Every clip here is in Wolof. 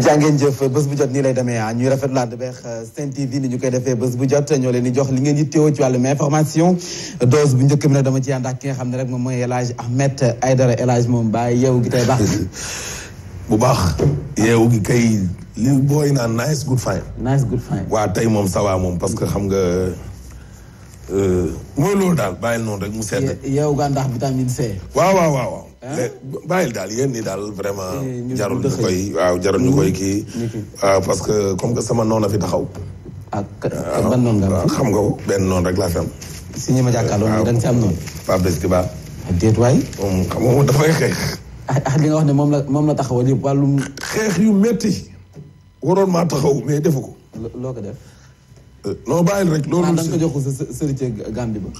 jàngeen jëf bés bu jot nii lay demee ah ñuy rafetlu ànd beex euh, Sen TV ni ñu koy defee bés bu jot ñoo leen di jox li ngeen yittewoo ci wàllum information dose bu njëkk bi nag dama ci ànd ak ki nga xam ne rek moom mooy El Hadj Ahmed Aidara El Hadj moom bàyyi yeewu gi bu baax yeewu gi kay li booy naan nice good fine nice good fine waa tey moom sawaa moom parce que xam nga euh, mooy loolu daal bàyyil noonu rek mu sedd yeewu gaa ndax vitamine C waaw waaw waaw Ah? bàyyil daal yéen nii daal vraiment. Eh, jarul ñu koy waaw jarul ñu koy kii. waaw ah, parce que comme que sama noon a fi taxaw. ak ah, ban noon nga xam nga ko benn noon rek laa fi am. si ñi ma jàkkaarloo nii am noonu. Pape Bés waay. moom dafay xeex. ah li nga wax ne moom la moom la taxaw yëpp wàllum. xeex yu metti waroon maa taxaw mais defu ko. loo ko def. Euh, non bàyyil rek. loolu si maanaam da nga ko jox sa sëriñ Gambie ba.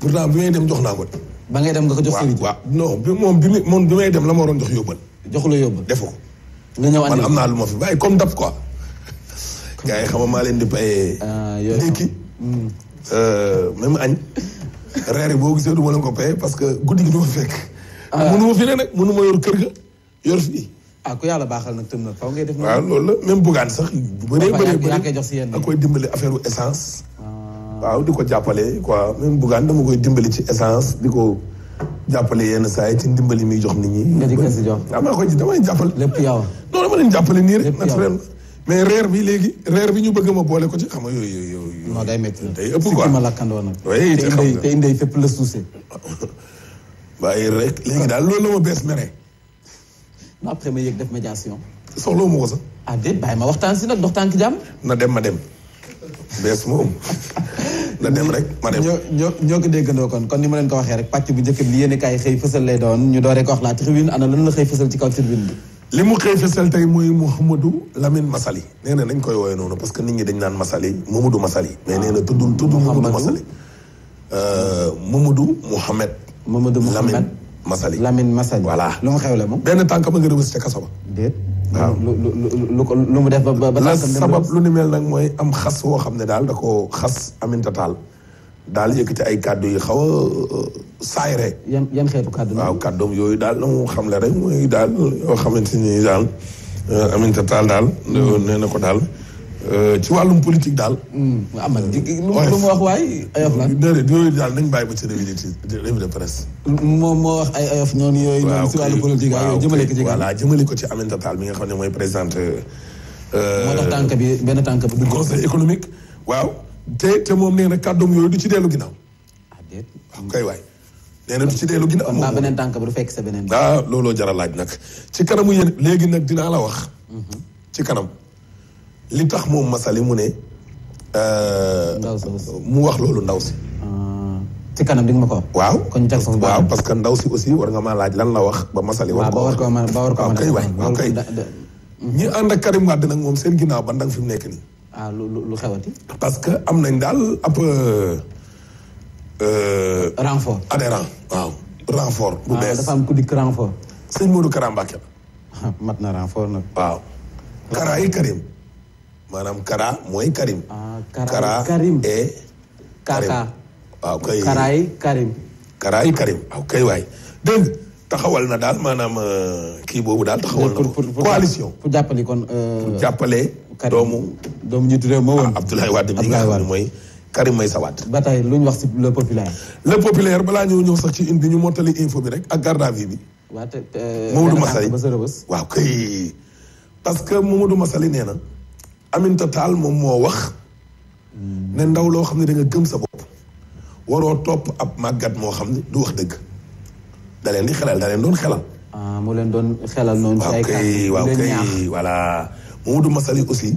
pour pourtant bi may dem jox naa ko. ba ngay dem nga ko jox sëriñ. waaw non bi moom bi moom bi may dem la moo waroon jox yóbbal. jox la yóbbal defoo ko. nga ñëw andi man am naa lu ma fi bàyyi comme dab quoi. gars yi xam maa leen di paye. Ah, yooyu ndékki hmm. euh, añ. reer yi boo gisee du ma leen ko paye parce que guddi gi du ma fekk. Ah. mënu fi ne nag mënu ma yor kër ga yor fii. ah ku yàlla baaxal nag na faw ngay def. waaw loolu la même bugaan sax. bu bëree bëree bëri ak koy dimbale affaire essence. waaw di ko jàppale quoi même Bougane dama koy dimbali ci essence di ko jàppale yenn saa yi ci ndimbali muy jox nit ñi. nga di ko si jox am na ko ci lépp yow non dama nii rek. mais reer bi léegi reer bi ñu bëgg ma boole ko ci xam nga yooyu yooyu. non day métti day ëpp quoi ma lakkandoo nag. oui te xam nga te indee fépp la suuse. waaye rek léegi daal loolu la ma bees mere. non après ma yëg def médiation. soxla ma ko sax. ah bàyyi ma waxtaan si nag ndox tànk jàmm. na dem ma dem bees moom. la dem rek ma dem ñoo ñoo ko déggandoo kon kon ni ma leen ko waxee rek pàcc bu njëkk bi yéen kaay xëy fësal lay doon ñu dooree ko wax la tribune ana lan la xëy fësal ci kaw tribune bi li mu xëy fësal tey mooy Mouhamadou Lamine Massaly nee nañ koy woowee noonu parce que nit ñi dañ naan Massaly Mamadou Massaly mais ma na tuddul tuddul Mamadou Massaly euh, Mamadou Mouhamed Mamadou Mouhamed Lamine Massaly Lamine Massaly voilà lu mu xew la moom benn tànk ma nga rëbës ca waaw lu lu lu lu mu def ba ba. la sabab lu ni mel nag mooy am xas woo xam ne daal da ko xas Aminata Tall daal yëkkati ay kàddu yi xaw a euh, saayre. yan yan xeetu kàddu waaw kàddoom yooyu daal la mu xamle rek mooy daal yoo xamante ni daal euh, Aminata Tall daal mm-hmm. nee na ko daal. Euh, ci wàllum politique daal. am hmm, lu mu wax waay ayof lan. déedéet daal nañ bàyyi ba ci revue de presse. moo wax ay ayof ñoom yooyu. waaw ci wàllu politique ko ci. voilà jëmale ko ci Aminata Tall mi nga xam euh, tànk bi benn tànk bi. du conseil économique. waaw te moom nee na kàddoom yooyu du ci dellu ginnaaw. ah déet. waaw kay waay. nee na ci dellu ginnaaw. moom beneen tànk ba du fekk beneen. ah looloo jar a nag. ci kanamu yéen léegi nag dinaa la wax. Mhm. ci kanam. li tax moom masali mu ne euh, mu wax lolu ndaw si ah, ci kanam ding mako waw ko waaw kon jackson waaw parce que ndaw si aussi war nga ma laaj lan la wax ba masali war ko war ko ma war ko man kay way kay ñi and ak karim wad nak mom seen ginaaw ba ndang fim nek ni ah lu lu xewati parce que am nañ dal ap euh, euh renfort adhérent waw renfort bu ah, bes dafa am ku dikk renfort sëñ Modou Karam bakel mat na renfort nak waw karay Karim maanaam Kara mooy Karim. ah Kara Karim e Kara et. Karim waaw kay Karaay Karim. Karaay Karim waaw waay taxawal na daal maanaam euh, kii boobu daal taxawal na ko. coalition pour jàppale kon. Euh, pour jàppale. doomu doomu njiitu réew ma woon. Ah, Abdoulaye Wade mi nga xam mooy. Karim Meïssa Wade. ba tey lu ñu wax si le populaire. le populaire balaa ñëw ñëw sax ci indi ñu mottali info bi rek ak garde à vue bi. waaw te Mamadou waaw kay. parce que Mamadou Massaly nee Aminata Tall mom mo wax ne ndaw lo xamni da nga gëm sa bop waro top ab magat mo xamni du wax deug da leen di xelal da leen doon xelal. ah mo len don xelal non ci ay kàddu waaw kay waaw kay voilà. Mamadou Massaly aussi.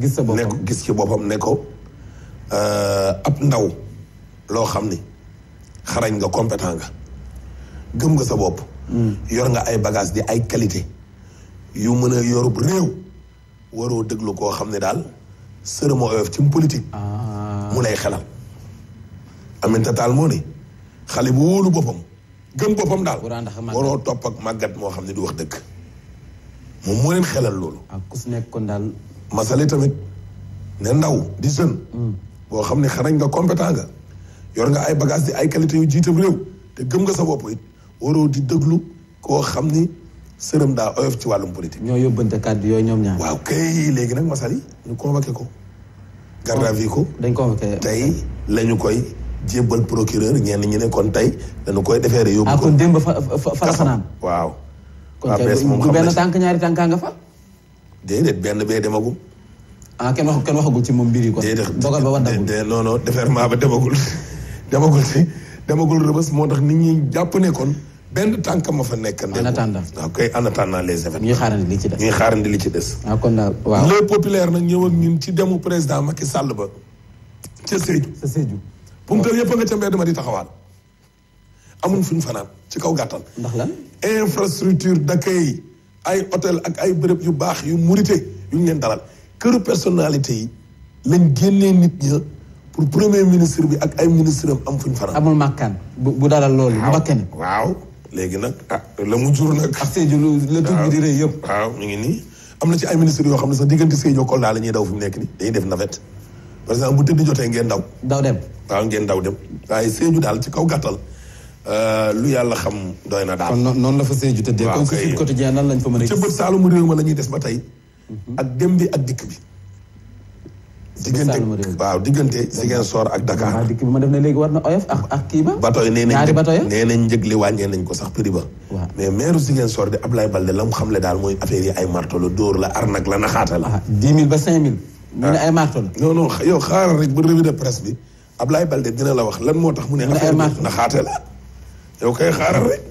gis sa boppam ne ko gis ci boppam ne ko ab ndaw loo xam ni xarañ nga compétent nga gëm nga sa bopp. yor nga ay bagage di ay qualité yu mën a yorub réew. waro déglu ko xamne dal daal sërëma oyof ci politique. mu lay xelal. Aminata Tall mo ni xali bu wolu bopam gëm bopam dal waro top ak magat mo xamne ne du wax deug mo mo len xelal lolu ak ku si nekkoon daal. masale tamit ne ndaw di seun bo xamne xarañ nga compétent nga. yor nga ay bagage di ay qualité yu jitam rew te gëm nga sa bop it waro di déglu ko xamne sërëm daa oyof ci wàllum politique. ñoo yóbbante kàddu yooyu ñoom ñaar. waaw kay léegi nag Massaly ñu convoqué ko. garde à vue ko oh, dañ convoqué tey la koy jébbal procureur ñenn ñi ne tey dañu koy defeere yóbbu ah, ko dem kon démb fa fa la fanaan waaw. kon tey du tànk ñaari tànkaa nga fa. benn bee demagum. ah kenn wax kenn waxagul ci moom mbir ko kon. dogal ba war dagul déedéet non non déferment ba demagul demagul demagul rëbës moo tax nit ñi jàpp ne kon. benn tànk ma fa nekk. en attendant waaw kay en attendant les événements. ñuy xaarandi li ci des ñuy xaarandi li ci des. ah kon daal waaw. les populaires nag ñëw ak ñun ci demu président Macky Sall ba. ca Sédhiou ca yëpp nga ca mbedd di taxawaal. amuñ fuñ fanaan ci kaw gàttal. ndax lan infrastructure d'accueil ay hôtel ak ay bërëb yu baax yu mérité yu ñu leen dalal këru personnalité yi lañ génnee nit ña pour premier ministre bi ak ay ministre am fuñ fanaan. amul makkaan bu bu dalal loolu. waaw mbakkan waaw. léegi nag ah la mu jur nag. ak Sédhiou la tur bi yëpp. waaw mi ngi nii am na ci ay ministres yoo xam ne sax diggante Sédhiou Kolda la ñuy daw fi mu nekk nii dañuy def navette par exemple bu tëdd jotee ngeen daw. daw dem waaw ngeen daw dem waaye Sédhiou daal ci kaw gàttal euh, lu yàlla xam doy na daal. kon noonu la fa Sédhiou tëddee. waaw kay comme si quotidien nan lañ fa mën a gis. ca bët Saalum réew ma la ñuy des ba tey. Mhm. ak dem bi ak dikk bi. diggante waaw diggante Ziguinchor ak Dakar. waaw dikk bi ma def ne léegi war na oyof ak ak bato yi nee nañ njëg li wàññee nañ ko sax prix ba. waaw mais maire Ziguinchor di Ablaye Balde la mu xamle daal mooy affaire yi ay marto la dóor la arnak la naxaata la. ah dix ba cinq mille. Ah. ñu ne ay marto la. non yow xaaral rek ba revue de presse bi Ablaye Balde dina la wax lan moo tax mu ne. affaire bi naxaate la yow kay xaaral rek.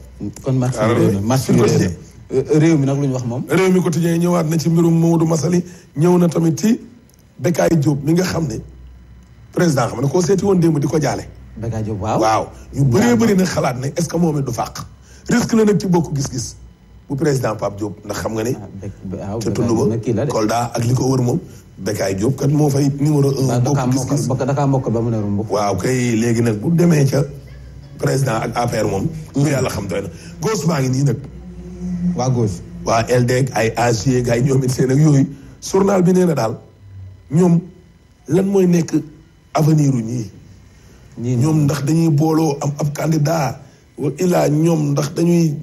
kon marché bi réew mi euh, réew mi nag lu wax moom. réew mi quotidien ñëwaat na ci mbirum Maodo na tamit ci Bekay Diop mi nga xam ne président xam ne koo seeti woon démb di ko jaale. Bekay Diop waaw waaw. ñu bëree bëri na xalaat ne est ce que moom it du fàq. risque la nag ci bokk gis-gis bu président Pape Diop ndax xam nga ne. Ah, waaw ca tund ba Kolda ak li ko wër moom. Bekay Diop kat moo fay numéro un. bokk gis-gis waaw dakaa mokk ba mu ne rumbu. waaw kay léegi nag bu demee ca président ak affaire moom. lu mm. yàlla xam doy na gauche baa ngi nii nag. waa gauche. waa LD ay AG e ay ñoom it seen ak yooyu surnal bi nee na daal. ñoom lan mooy nekk avenir u ñii ñoom ndax dañuy booloo am ab candidat wa illaa ñoom ndax dañuy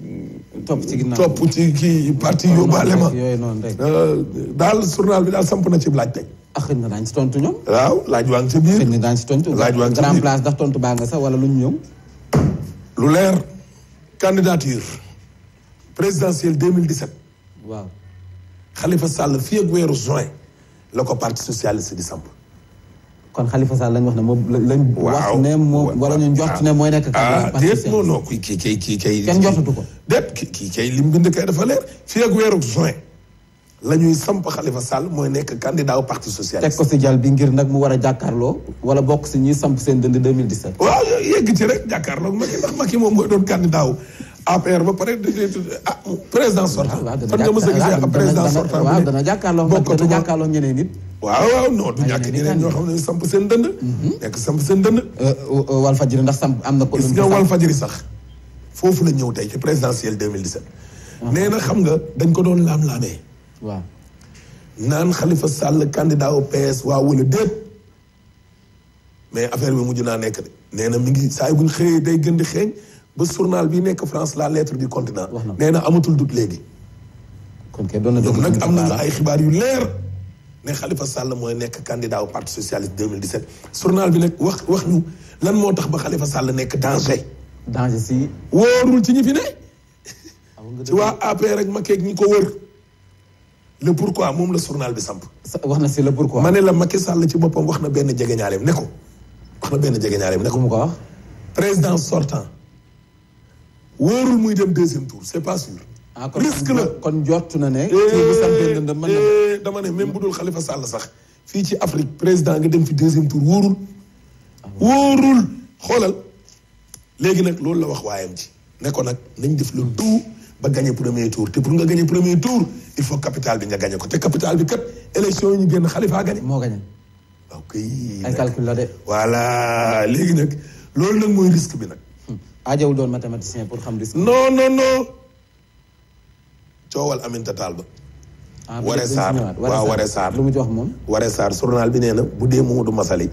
topp ci ginnaaw topp ci kii parti yóbbaale ma euh, daal journal bi daal samp na ci laaj tey ah xëy na daañu si tontu ñoom waaw laaj waa si biir xëy na daañu si tontu laaj waa ngi si biir grand place ndax tontu baa nga sax wala lu ñu ñëw lu leer candidature présidentielle 2017 waaw xalifa Sall fii weeru juin la ko parti socialiste di samp. kon Khalifa Sall lañ wax ne moom lañ. wax ne moom wala ñu njort ne mooy nekk. ah déet non non kii kii kii kii kay. kenn ko déet kii kii kay lim bind kay dafa leer fii ak weeru juin la ñuy samp Khalifa Sall mooy nekk candidat au parti socialiste. teg ko si jàll bi ngir nag mu war a jàkkaarloo wala bokk si ñuy samp seen dënd 2017. waaw yegg ci rek jàkkaarloo Macky ndax Macky moom mooy doon candidat APR ba pare président sortant. fan nga a gisee ab ah président sortant. waaw dana jàkkaarloo dana jàkkaarloo ñeneen nit. waaw waaw non du ñàkk ñeneen ñoo xam ne samp seen dënd. Mhm. nekk samp seen dënd. Euh, euh, euh, Walfadjri ndax samp am na ko. gis nga Walfadjri sax foofu la ñëw tey ci présidentielle 2017. nee na xam nga dañ ko doon laam-laamee. waaw. naan Khalifa Sall candidat au PS waaw wala déet. mais affaire bi mujj naa nekk de nee na mi ngi saay yu buñ xëyee day gën di xeeñ. ba sournal bi nekk France la lettre du continent. nee na amatul dut léegi. kon kay doon na ñoom nag am nañu ay xibaar yu leer. ne Khalifa Sall mooy nekk candidat au parti socialiste 2017 journal bi nag wax wax ñu lan moo tax ba Khalifa Sall nekk danger. danger si. wóorul ci ñi fi ne. ci waa après rek Macky ak ñi ko wër. le pourquoi moom la sournal bi samp. wax na si le pourquoi. ma ne la Macky Sall ci boppam wax na benn jegeñaaleem ne ko. wax na benn jegeñaaleem ne ko. mu ko wax ah. président sortant. wóorul muy dem deuxième tour c'est pas sûr. Ah, risque la kon jortu na eh, eh, ne. dama ne même bu dul xalifa Sall sax fii ci Afrique président nga dem fi deuxième tour wóorul. wóorul xoolal léegi nag loolu la wax waayam ci ne ko nag nañ def le tout ba gagné premier tour te pour nga gagné premier tour il faut capital bi nga gagné ko te capital bi kat élection ñu génn Khalifa gagné. moo gagné. ok ay calcul de. voilà léegi nag loolu nag mooy risque bi nag. aajawul doon mathématicien pour xam risque. non non non coowal Aminata Tall ba. ah Waré waaw Waré Sarr lu mu jox moom. Waré Sarr journal bi nee na bu dee Momadou Massaly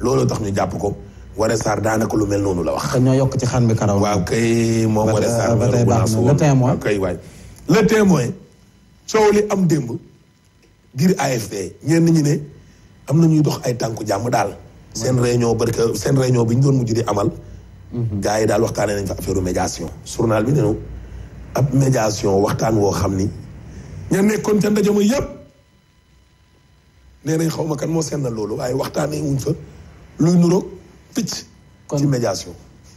looloo tax ñu jàpp ko Waré Sarr daanaka lu mel noonu la wax. te ñoo yokk ci xan bi karaw. waaw kay moom Waré Sarr. ba tey baax na le témoin kay am démb biir AFP ñenn ñi ne am na ñuy dox ay tànku jàmm daal. seen ñoo barka seen réunion bi ñu doon mujj di amal. Mm-hmm. gars yi daal waxtaanee nañ fa affaire médiation. journal bi ne na ab médiation waxtaan woo xam ni ña nekkoon ca ndaje ma yëpp nee nañ xaw ma kan moo seen na loolu waaye waxtaan waxtaanee wuñ fa luy nuroog picc. ci médiation.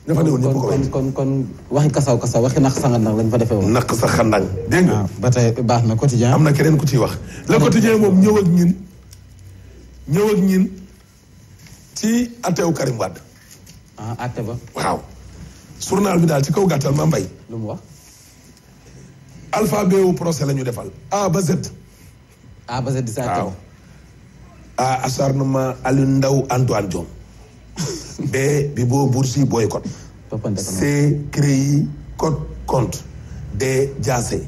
dafa néew ñëpp ko kon kon kon waxi kasaw kasaw waxi naq sa xandang lañ fa defee woon. naq sa xandang dégg nga. Ah, ba tey baax na quotidien am na keneen ku ciy wax. le quotidien moom ñëw ak ñin ñëw ak ñin ci ateew Karim Wade. ah àtte waaw journal bi daal ci kaw gàttal ma mbay. lu mu wax. alphabet procès la ñu defal A ba Z. A ba Z di sa waaw. A acharnement Aliou Ndao Antoine Diome. B bi boo boursi boycott. C CREI code compte. D jaase.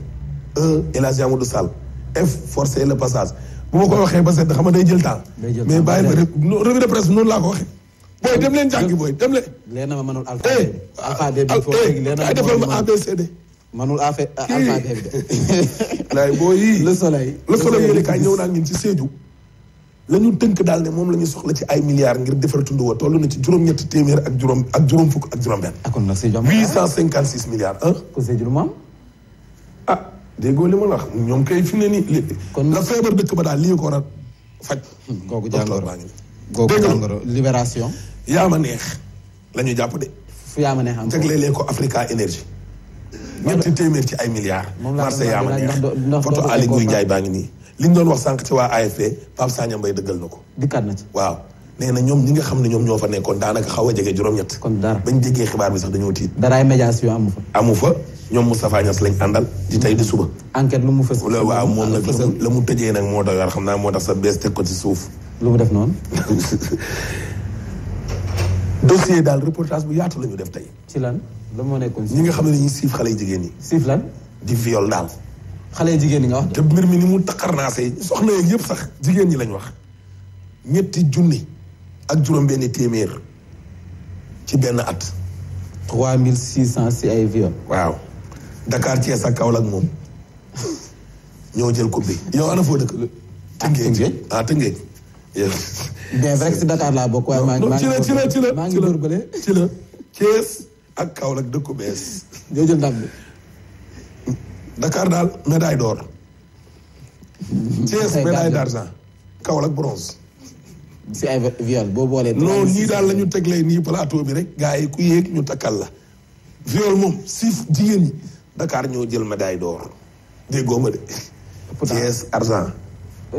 E El Hadj Amadou Sall. F forcer le passage bu ma ko waxee ba xam nga day jël temps. mais bàyyi ba revue de noonu laa ko waxee. booy dem leen jàngi booy dem leen. leen na ma mënul alphabet bi. alphabet bi foofu léegi leen na ma defal ma ABCD. mënul booy yii le soleil. le soleil yéen kaay ñëw naa ngi ci Sédhiou. la ñu tënk daal ne moom la ñu soxla ci ay milliards ngir defar tund wa toll na ci juróom-ñetti téeméer ak juróom ak juróom fukk ak juróom-benn. ah kon nag Sédhiou na 856 milliards ah. kon Sédhiou moom. ah déggoo li ma la wax ñoom kay fi mu ne nii. kon la feebar dëkk ba daal lii ko war a faj. Hmm, kooku jàngoro libération. yaa ma neex la ñu jàpp de. fu yaa ma neex am jaglelee ko Africa Énergie. ñetti téeméer ci ay milliards. moom laa yaa ma neex photo Aly Ngouille Ndiaye baa ngi nii. li ñu doon wax sànq ci waa AFP Pape Sagna Mbaye dëggal na ko. dikkaat na ci waaw. nee na ñoom ñi nga xam ne ñoom ñoo fa nekkoon daanaka xaw a jege juróom-ñett. kon dara bañ déggee xibaar bi sax dañoo tiit. daraay médiation amu fa. amu fa ñoom Moustapha lañ àndal. tey di suba. enquête lu mu fës. waaw moom nag la mu tëjee nag moo doy xam naa moo tax sa bees teg ko ci suuf. lu mu def noonu. dossier daal reportage bu yaatu la ñu def tey. ci lan la moo nekkoon ñi nga xam ne dañuy siif xale yu jigéen ñi. siif lan. di viol daal. xale yu jigéen ñi nga wax. te mbir mi ni mu taxarnaasee soxna yeeg yëpp sax. jigéen ñi lañ wax ñetti junni ak juróom-benni téeméer ci benn at. 3600 si ay viol. waaw dakaar Thiès ak Kaolack moom ñoo jël coupe bi. yow ana foo dëkk. Tëngéej ah Tëngéej. bien vrai que si Dakar laa bokk waaye maa ngi ci ak Kaolack dëkku bees ñoo jël ndam bi Dakar boo boolee non nii daal la ñu teglee nii plateau bi rek gars ku yéeg ñu takkal la viol moom siif jigéen ñi Dakar ñoo jël médaille d'or déggoo ma de Thiès argent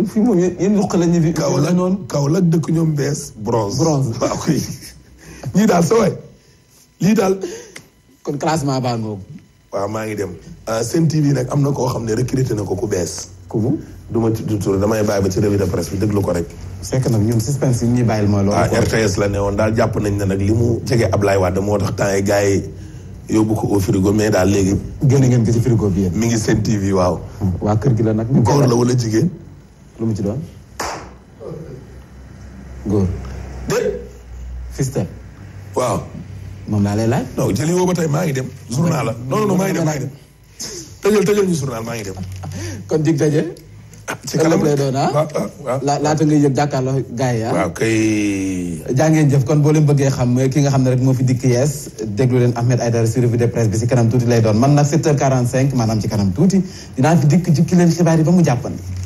fii moom yéen luq la ñu fi. Kaolack la dëkk ñoom bees bronze. bronze waaw kay ñii daal sa waay lii daal. kon classement baa ngoogu. waaw maa ngi dem euh, Sen TV nag am na koo xam ne recruté na ko ku bees. ku mu du ma tudd tur damay bàyyi ba ci revue de presse bi ko rek. c'est que nag ñun suspense yi ñuy bàyyil mooy. loolu ah, RTS la ne woon daal jàpp nañ ne nag li mu jege Ablaye Wade moo tax temps yi gars yi yóbbu ko au frigo mais daal léegi. génne ngeen ko ci frigo mi ngi Sen TV waaw. waa kër gi la nag. góor la wala lu mu ci doon góor dé fistel waaw moom laa lay laaj non jëli woo ba tey maa ngi dem journal la non non maa ngi dem maa ngi dem tëjal tëjal ñu journal maa ngi dem kon dig daje ah, ci kanam lay doon ah, ah, ah laata ngay yëg jàkkaarloo gars yi ah waaw kay jaa ngeen jëf kon boo leen bëggee xam eh, ki nga xam ne rek moo fi dikk yees déglu leen Ahmed Aidara si revue de bi si kanam tuuti lay doon man nag 7h45 maanaam ci kanam tuuti dinaa fi dikk jukki leen xibaar yi ba mu jàppandi